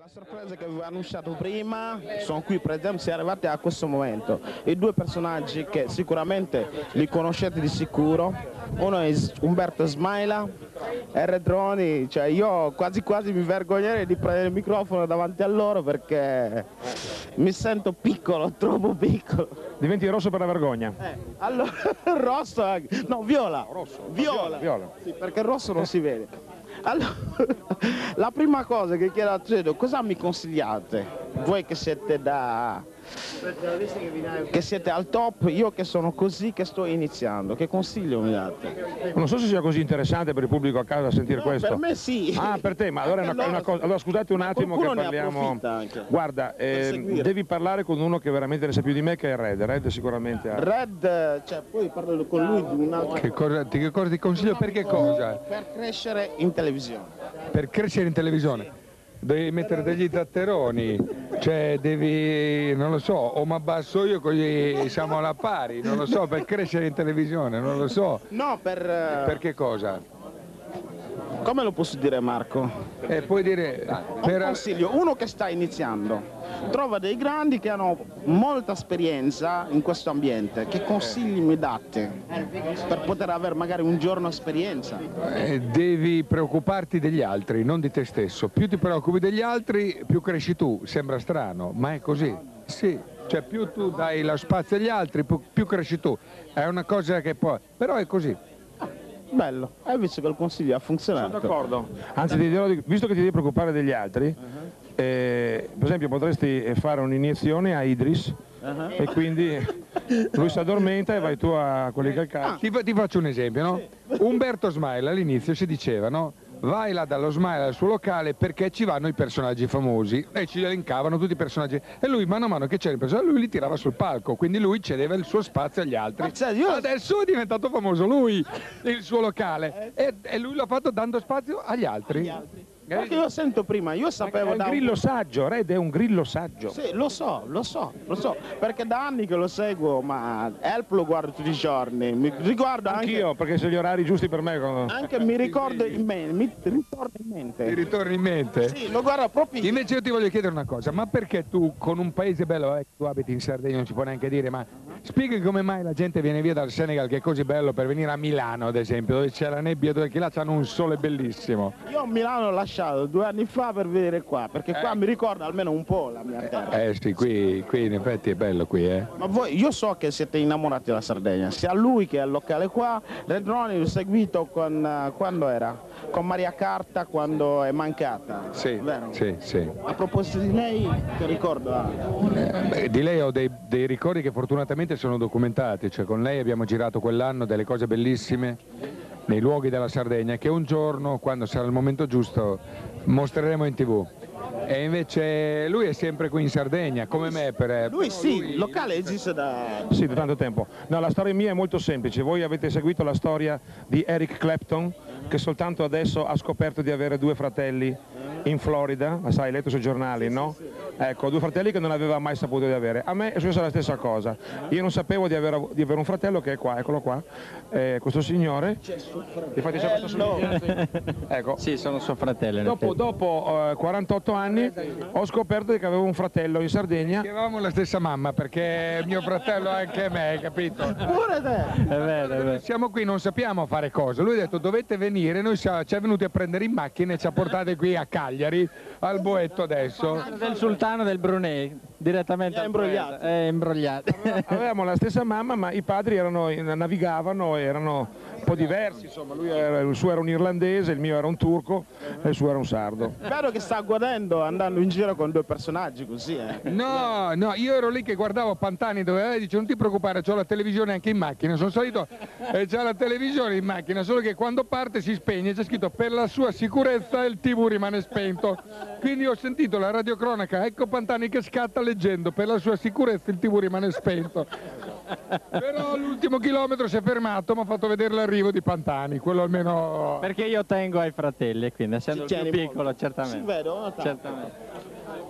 La sorpresa che avevo annunciato prima sono qui presenti, si è arrivati a questo momento. I due personaggi che sicuramente li conoscete di sicuro, uno è Umberto Smaila R. Droni, cioè io quasi quasi mi vergognerei di prendere il microfono davanti a loro perché mi sento piccolo, troppo piccolo. Diventi rosso per la vergogna. Eh, allora, rosso, no, viola. rosso, viola. viola. Sì, perché il rosso non si vede. Allora, la prima cosa che chiedo a Cedo, cosa mi consigliate? Voi che siete da che siete al top, io che sono così, che sto iniziando, che consiglio mi date? Non so se sia così interessante per il pubblico a casa sentire no, questo. per me sì. Ah, per te, ma allora, è una, una cosa, allora scusate un attimo che parliamo... Guarda, eh, devi parlare con uno che veramente ne sa più di me, che è Red. Red sicuramente ha... Red, cioè, poi parlo con lui di un'altra... Che cosa, ti, che cosa ti consiglio per cosa? Per crescere in televisione. Per crescere in televisione? Devi mettere degli zatteroni. Cioè devi, non lo so, o mi abbasso io così siamo alla pari, non lo so, per crescere in televisione, non lo so. No, per... Eh, per che cosa? Come lo posso dire Marco? Eh, puoi dire... Per... Un consiglio, uno che sta iniziando, trova dei grandi che hanno molta esperienza in questo ambiente, che consigli mi date per poter avere magari un giorno esperienza? Eh, devi preoccuparti degli altri, non di te stesso. Più ti preoccupi degli altri, più cresci tu. Sembra strano, ma è così. Sì, cioè più tu dai lo spazio agli altri, più, cresci tu. È una cosa che può... però è così. Bello, hai visto che il consiglio ha funzionato. Sono d'accordo. Anzi, ti dirò, visto che ti devi preoccupare degli altri, uh -huh. eh, per esempio potresti eh, fare un'iniezione a Idris, Uh -huh. e quindi lui si addormenta e vai tu a quelli che ah. calcano. Ah, ti, ti, faccio un esempio, no? Umberto Smile all'inizio si diceva, no? vai là dallo Smile al suo locale perché ci vanno i personaggi famosi e ci elencavano tutti i personaggi e lui mano a mano che c'era il personaggio lui li tirava sul palco quindi lui cedeva il suo spazio agli altri cioè, io... adesso è diventato famoso lui il suo locale e, e lui l'ha fatto dando spazio agli altri. Agli altri. Perché io sento prima, io sapevo... È un grillo saggio, Red è un grillo saggio. Sì, lo so, lo so, lo so, perché da anni che lo seguo, ma Help lo guardo tutti i giorni, mi ricordo anche... Anch'io, perché sono gli orari giusti per me. Quando... Anche mi ricordo in mente, mi ritorno in mente. Ti ritorna in mente? Sì, lo guardo proprio... Invece io ti voglio chiedere una cosa, ma perché tu con un paese bello, eh, tu abiti in Sardegna, non si può neanche dire, ma spieghi come mai la gente viene via dal Senegal che è così bello per venire a Milano, ad esempio, dove c'è la nebbia, dove là c'hanno un sole bellissimo. Io a Milano lascio lasciato due anni fa per venire qua, perché qua eh. mi ricorda almeno un po' la mia terra. Eh sì, qui, qui in effetti è bello qui, eh. Ma voi, io so che siete innamorati della Sardegna, sia lui che è al locale qua, Redroni l'ho seguito con, eh, quando era? Con Maria Carta quando è mancata. Sì, vero? sì, sì. A proposito di lei, che ricordo ha? Eh, beh, di lei ho dei, dei ricordi che fortunatamente sono documentati, cioè con lei abbiamo girato quell'anno delle cose bellissime nei luoghi della Sardegna che un giorno, quando sarà il momento giusto, mostreremo in tv. E invece lui è sempre qui in Sardegna, come me per... Lui ecco, sì, il locale esiste da... Sì, da tanto tempo. No, la storia mia è molto semplice. Voi avete seguito la storia di Eric Clapton, che soltanto adesso ha scoperto di avere due fratelli in Florida, sai, hai letto sui giornali, no? Ecco, due fratelli che non aveva mai saputo di avere. A me è successa la stessa cosa. Io non sapevo di avere, di avere un fratello che è qua, eccolo qua, eh, questo signore. Infatti c'è questo signore. Eh, ecco. Sì, sono suo fratello. Dopo, dopo eh, 48 anni eh, ho scoperto che avevo un fratello in Sardegna. Avevamo la stessa mamma perché mio fratello anche me, hai capito? Pure te! È vero, è vero. Siamo qui, non sappiamo fare cosa. Lui ha detto dovete venire, noi ci ha venuti a prendere in macchina e ci ha portati qui a casa. Cagliari al Boetto adesso. Del sultano del Brunei direttamente è imbrogliato. è eh, imbrogliato. Aveva, avevamo la stessa mamma ma i padri erano, navigavano erano un po' diversi insomma era, il suo era un irlandese il mio era un turco e il suo era un sardo è che sta guardando andando in giro con due personaggi così eh. no no io ero lì che guardavo Pantani dove eh, dice non ti preoccupare ho la televisione anche in macchina sono salito e eh, c'è la televisione in macchina solo che quando parte si spegne c'è scritto per la sua sicurezza il tv rimane spento quindi ho sentito la radiocronaca ecco Pantani che scatta le leggendo, per la sua sicurezza il tv rimane spento. Però l'ultimo chilometro si è fermato, mi ha fatto vedere l'arrivo di Pantani, quello almeno... Perché io tengo ai fratelli, quindi essendo più piccolo, molto. certamente. Si vedo? Certamente.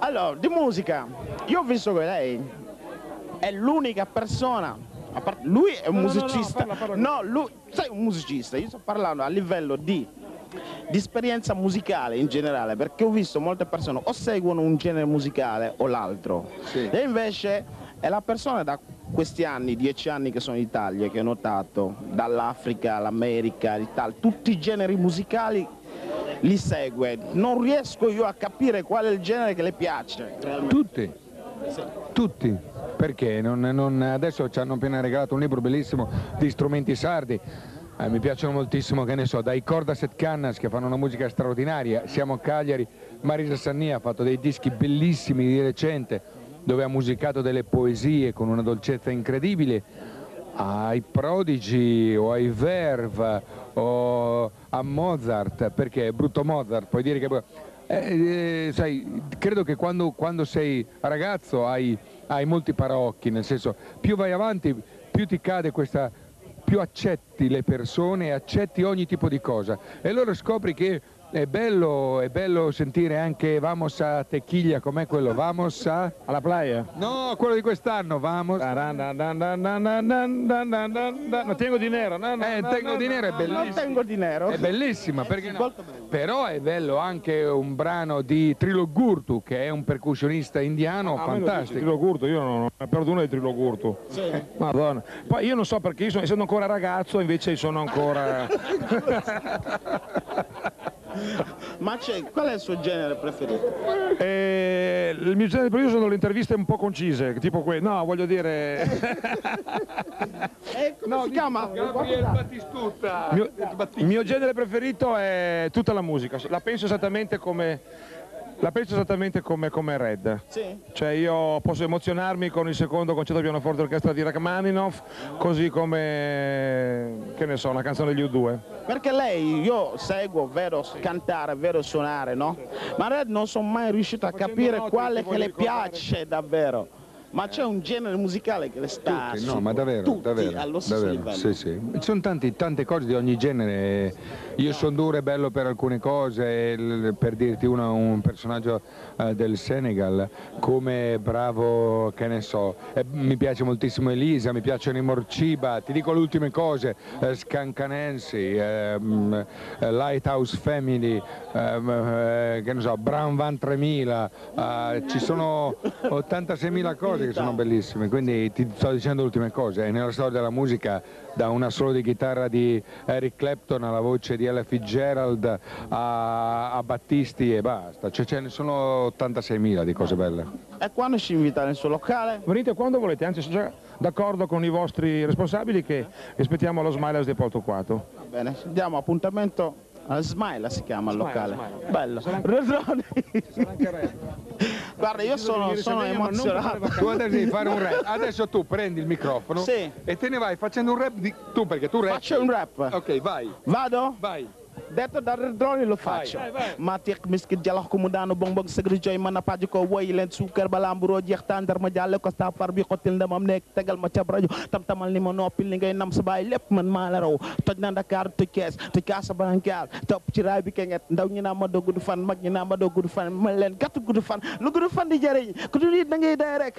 Allora, di musica, io ho visto che lei è l'unica persona lui è un no, musicista no, no, parla, parla no lui, sei un musicista io sto parlando a livello di di esperienza musicale in generale, perché ho visto molte persone o seguono un genere musicale o l'altro, sì. e invece è la persona da questi anni, dieci anni che sono in Italia, che ho notato, dall'Africa all'America, l'Italia, tutti i generi musicali li segue, non riesco io a capire qual è il genere che le piace. Tutti, sì. tutti perché non, non, adesso ci hanno appena regalato un libro bellissimo di strumenti sardi eh, mi piacciono moltissimo, che ne so, dai Cordaset Cannas che fanno una musica straordinaria, siamo a Cagliari, Marisa Sannia ha fatto dei dischi bellissimi di recente dove ha musicato delle poesie con una dolcezza incredibile, ai Prodigy o ai Verve o a Mozart, perché è brutto Mozart, puoi dire che... Eh, eh, sai, credo che quando, quando sei ragazzo hai, hai molti paraocchi, nel senso più vai avanti più ti cade questa più accetti le persone, accetti ogni tipo di cosa e allora scopri che è bello, è bello, sentire anche Vamos a Tequila, com'è quello? Vamos a... Alla playa? No, quello di quest'anno, Vamos... No, tengo di nero. No, no, eh, tengo di nero è bellissimo. Non tengo di nero. È bellissima, perché eh, no? Però è bello anche un brano di Trilogurtu, che è un percussionista indiano ah, fantastico. Trilogurtu, io non ho perduto uno di Trilogurtu. Sì. Madonna. Poi io non so perché, io sono, essendo ancora ragazzo, invece sono ancora... Ma qual è il suo genere preferito? Eh, il mio genere preferito sono le interviste un po' concise, tipo quelle, no, voglio dire... eh, come no, si chiama? Gabriel Battistutta. Mio, il mio genere preferito è tutta la musica, la penso esattamente come la penso esattamente come, come Red. Sì. Cioè io posso emozionarmi con il secondo concerto pianoforte orchestra di Rachmaninoff, così come, che ne so, una canzone degli U2. Perché lei, io seguo, vedo sì. cantare, vedo suonare, no? Sì. Ma Red non sono mai riuscito a capire quale che le piace davvero ma c'è un genere musicale che le sta tutti, no, ma davvero, tutti davvero, allo stesso davvero, sì, sì. Ci sono tanti, tante cose di ogni genere. Io no. sono duro e bello per alcune cose, per dirti uno, un personaggio eh, del Senegal, come bravo, che ne so, mi piace moltissimo Elisa, mi piacciono i Morciba, ti dico le ultime cose, eh, Scancanensi, ehm, eh, Lighthouse Family, ehm, che ne so, Brown Van 3000, ci sono 86.000 cose ricordi che sono bellissime, quindi ti sto dicendo le ultime cose. nella storia della musica, da un assolo di chitarra di Eric Clapton alla voce di Ella Fitzgerald a, a Battisti e basta. Cioè, ce ne sono 86.000 di cose belle. E quando ci invita nel suo locale? Venite quando volete, anzi sono già d'accordo con i vostri responsabili che aspettiamo lo Smilers di Porto Quato. Va bene, diamo appuntamento Ah, Smile si chiama Smaila, il locale. Smaila. Bello. Anche... Guarda, io sono, sono emozionato. Tu adesso devi fare un rap. Adesso tu prendi il microfono sì. e te ne vai facendo un rap di... tu perché tu rap. Faccio un rap. Ok, vai. Vado? Vai. detta dara dronilo faccio ma teq miskit jalax ko mu daanu bongbong sëgri joy mën a paj ko woyi leen suukar balaa mburoo jeex tàndar ma jàlle ko sa far bi xottil ndamam nekk tegal ma cab rajo tam-tamal ni ma noppil li ngay nam sa baay lépp man toj na Ndakaar toj kees toj kaasa barankaar topp ci raay bi kenget ndaw ñi naa ma doo gudd fan mag ñi naa ma doo gudd fan leen gàtt gudd fan lu gudd fan di jëriñ ku dul it da ngay dee rek